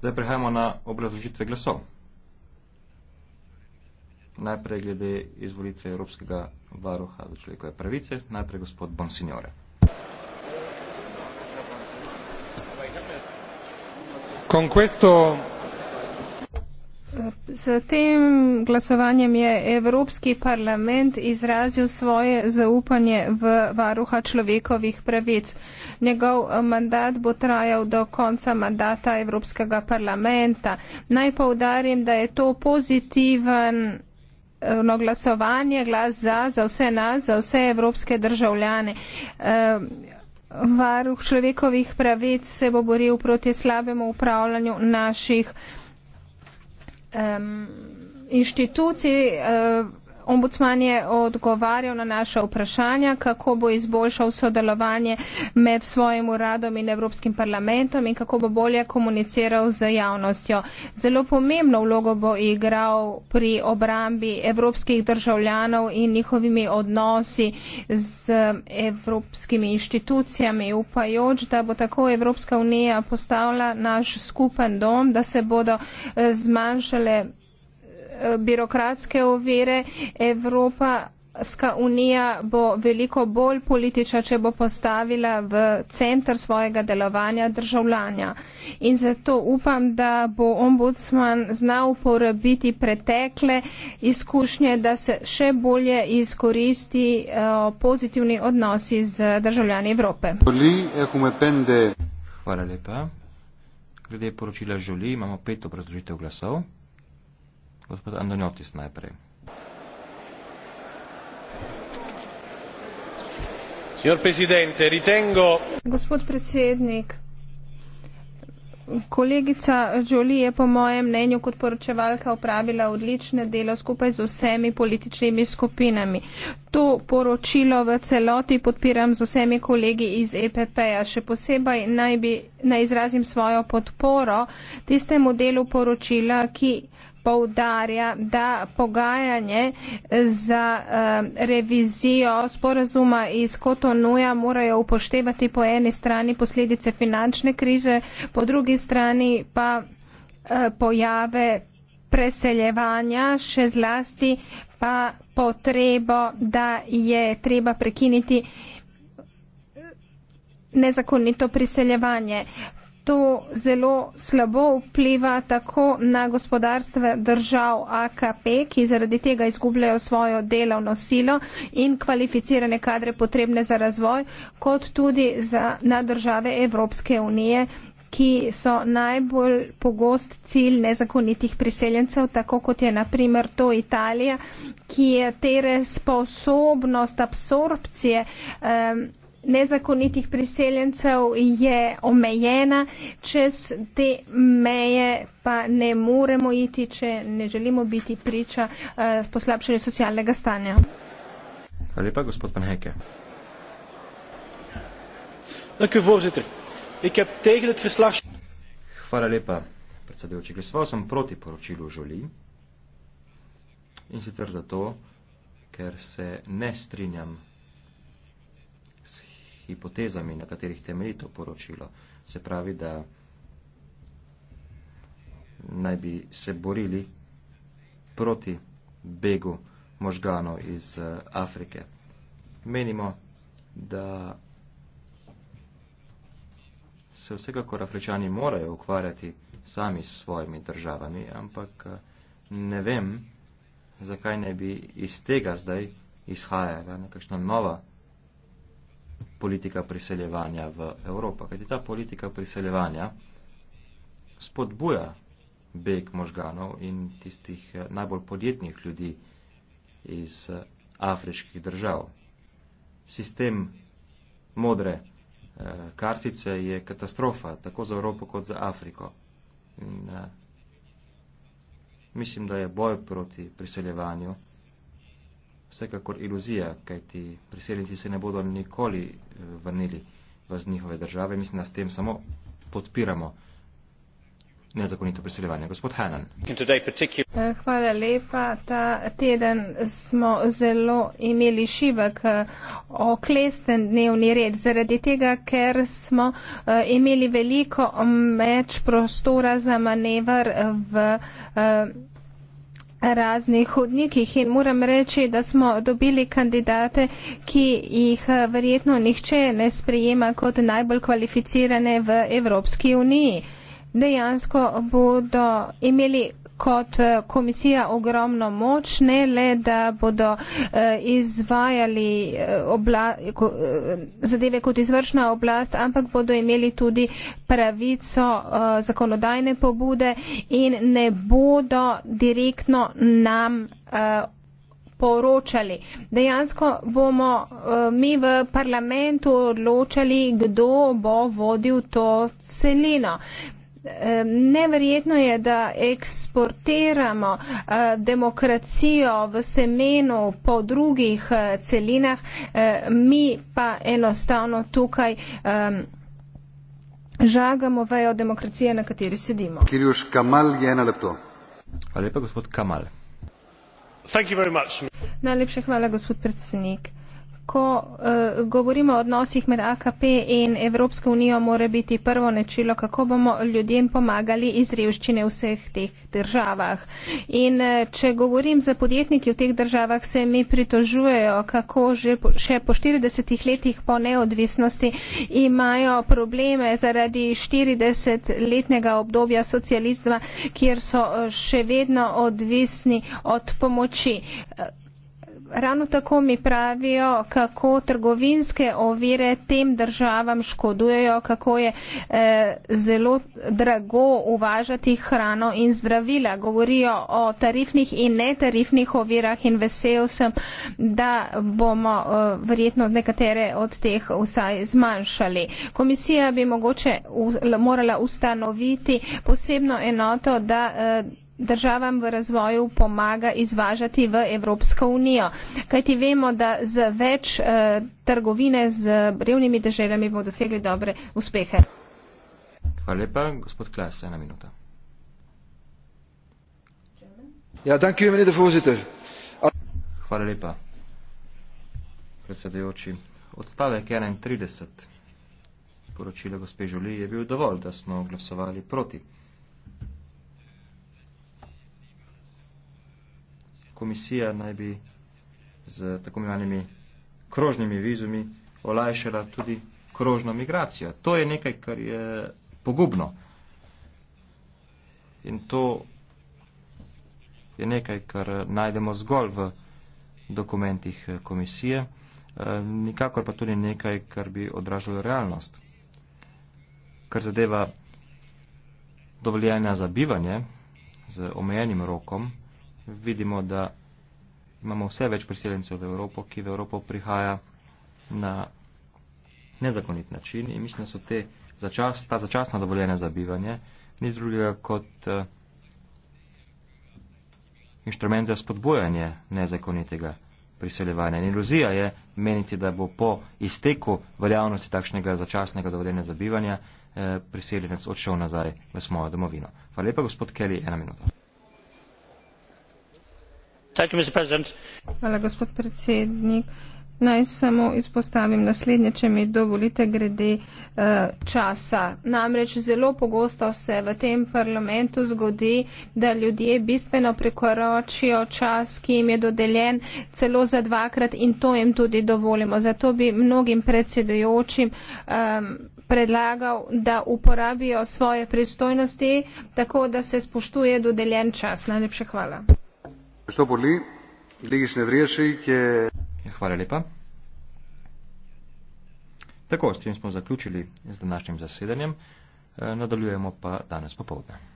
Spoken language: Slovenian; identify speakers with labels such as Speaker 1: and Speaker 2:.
Speaker 1: Zdaj prehajamo na obrazložitve glasov. Najprej glede izvolitve Evropskega varuha za človekove pravice, najprej gospod Bonsignore. Con questo
Speaker 2: Z tem glasovanjem je Evropski parlament izrazil svoje zaupanje v varuha človekovih pravic. Njegov eh, mandat bo trajal do konca mandata Evropskega parlamenta. Naj povdarim, da je to pozitiven. No, glasovanje, glas za, za vse nas, za vse evropske državljane. Eh, varuh človekovih pravic se bo boril proti slabemu upravljanju naših um, inštitucij. Uh, eh, Ombudsman je odgovarjal na naše vprašanja, kako bo izboljšal sodelovanje med svojim uradom in Evropskim parlamentom in kako bo bolje komuniciral z javnostjo. Zelo pomembno vlogo bo igral pri obrambi evropskih državljanov in njihovimi odnosi z evropskimi inštitucijami, upajoč, da bo tako Evropska unija postavila naš skupen dom, da se bodo eh, zmanjšale birokratske ovire, Evropa. Evropska unija bo veliko bolj politična, če bo postavila v centr svojega delovanja državljanja. In zato upam, da bo ombudsman znal uporabiti pretekle izkušnje, da se še bolje izkoristi eh, pozitivni odnosi z državljani Evrope.
Speaker 1: Hvala lepa. Glede poročila Žuli imamo pet obrazložitev glasov. Gospod Andonjotis najprej.
Speaker 2: Gospod predsednik, kolegica Žoli je po mojem mnenju kot poročevalka opravila odlične delo skupaj z vsemi političnimi skupinami. To poročilo v celoti podpiram z vsemi kolegi iz EPP-ja. Še posebej naj, bi, naj izrazim svojo podporo tistemu delu poročila, ki poudarja, da pogajanje za eh, revizijo sporazuma iz Kotonuja morajo upoštevati po eni strani posledice finančne krize, po drugi strani pa eh, pojave preseljevanja, še zlasti pa potrebo, da je treba prekiniti nezakonito priseljevanje to zelo slabo vpliva tako na gospodarstve držav AKP, ki zaradi tega izgubljajo svojo delovno silo in kvalificirane kadre potrebne za razvoj, kot tudi za, na države Evropske unije ki so najbolj pogost cilj nezakonitih priseljencev, tako kot je naprimer to Italija, ki je tere sposobnost absorpcije. Um, nezakonitih priseljencev je omejena, čez te meje pa ne moremo iti, če ne želimo biti priča uh, poslabšanju socialnega stanja.
Speaker 1: Hvala lepa, gospod Panheke. Dank u voorzitter. Ik heb tegen het verslag. Hvala lepa, predsedujoči. Glasoval sem proti poročilu Žoli. In sicer zato, ker se ne strinjam hipotezami, na katerih temelji to poročilo. Se pravi, da naj bi se borili proti begu možganov iz eh, Afrike. Menimo, da se vsekakor afričani morajo ukvarjati sami s svojimi državami, ampak eh, ne vem, zakaj ne bi iz tega zdaj izhajala nekakšna nova politika priseljevanja v Evropo. Kajti ta politika priseljevanja spodbuja beg možganov in tistih eh, najbolj podjetnih ljudi iz eh, afriških držav. Sistem modre eh, kartice je katastrofa tako za Evropo kot za Afriko. In, mislim, da je boj proti priseljevanju vsekakor iluzija, kajti priseljenci se ne bodo nikoli vrnili v njihove države. Mislim, da s tem samo podpiramo nezakonito priseljevanje. Gospod Hanan.
Speaker 2: Hvala lepa. Ta teden smo zelo imeli šivek eh, oklesten dnevni red, zaradi tega, ker smo eh, imeli veliko meč prostora za manevr v eh, raznih hodnikih in moram reči, da smo dobili kandidate, ki jih verjetno nihče ne sprejema kot najbolj kvalificirane v Evropski uniji. Dejansko bodo imeli kot eh, komisija ogromno moč, ne le, da bodo eh, izvajali eh, obla, zadeve kot izvršna oblast, ampak bodo imeli tudi pravico zakonodajne pobude in ne bodo direktno nam poročali. Dejansko bomo mi v parlamentu odločali, kdo bo vodil to celino. Neverjetno je, da eksportiramo eh, demokracijo v semenu po drugih eh, celinah, eh, mi pa enostavno tukaj žagamo vejo demokracije, na kateri sedimo.
Speaker 1: Kirjuš Kamal je na lepto. Hvala lepa, gospod Kamal.
Speaker 2: Najlepša hvala, gospod predsednik ko uh, govorimo o odnosih med AKP in Evropsko unijo, mora biti prvo nečilo, kako bomo ljudem pomagali iz revščine v vseh teh državah. In uh, če govorim za podjetniki v teh državah, se mi pritožujejo, kako že po, še po 40 letih po neodvisnosti imajo probleme zaradi 40-letnega obdobja socializma, kjer so uh, še vedno odvisni od pomoči. Uh, ravno tako mi pravijo, kako trgovinske ovire tem državam škodujejo, kako je eh, zelo drago uvažati hrano in zdravila. Govorijo o tarifnih in netarifnih ovirah in vesel sem, da bomo eh, verjetno nekatere od teh vsaj zmanjšali. Komisija bi mogoče u, morala ustanoviti posebno enoto, da. Eh, državam v razvoju pomaga izvažati v Evropsko unijo. Kaj ti vemo, da z več eh, trgovine z revnimi državami bomo dosegli dobre uspehe?
Speaker 1: Hvala lepa. Gospod Klas, ena minuta. Ja, thank you, minister, voziter. Hvala lepa, predsedujoči. Odstavek 31 poročila gospe Žuli je bil dovolj, da smo glasovali proti. komisija naj bi z tako imenovanimi krožnimi vizumi olajšala tudi krožno migracijo. To je nekaj, kar je pogubno. In to je nekaj, kar najdemo zgolj v dokumentih eh, komisije, eh, nikakor pa tudi nekaj, kar bi odražalo realnost. Kar zadeva dovoljenja za bivanje z omejenim rokom, vidimo, da imamo vse več priseljencev v Evropo, ki v Evropo prihaja na nezakonit način in mislim, da so te začas, ta začasna dovoljena za bivanje ni drugega kot uh, inštrument za spodbojanje nezakonitega priseljevanja. In iluzija je meniti, da bo po izteku veljavnosti takšnega začasnega dovoljenja za bivanje eh, priseljenec odšel nazaj v svojo domovino. Hvala lepa, gospod Kelly, ena minuta
Speaker 2: gospod predsednik. Naj samo izpostavim naslednje, če mi dovolite, grede eh, časa. Namreč zelo pogosto se v tem parlamentu zgodi, da ljudje bistveno prekoračijo čas, ki jim je dodeljen celo za dvakrat in to jim tudi dovolimo. Zato bi mnogim predsedujočim ehm, predlagal, da uporabijo svoje pristojnosti, tako da se spoštuje dodeljen čas. Najlepša hvala.
Speaker 1: Ja, hvala lepa. Tako, s tem smo zaključili z današnjim zasedanjem. Nadaljujemo pa danes popovdne.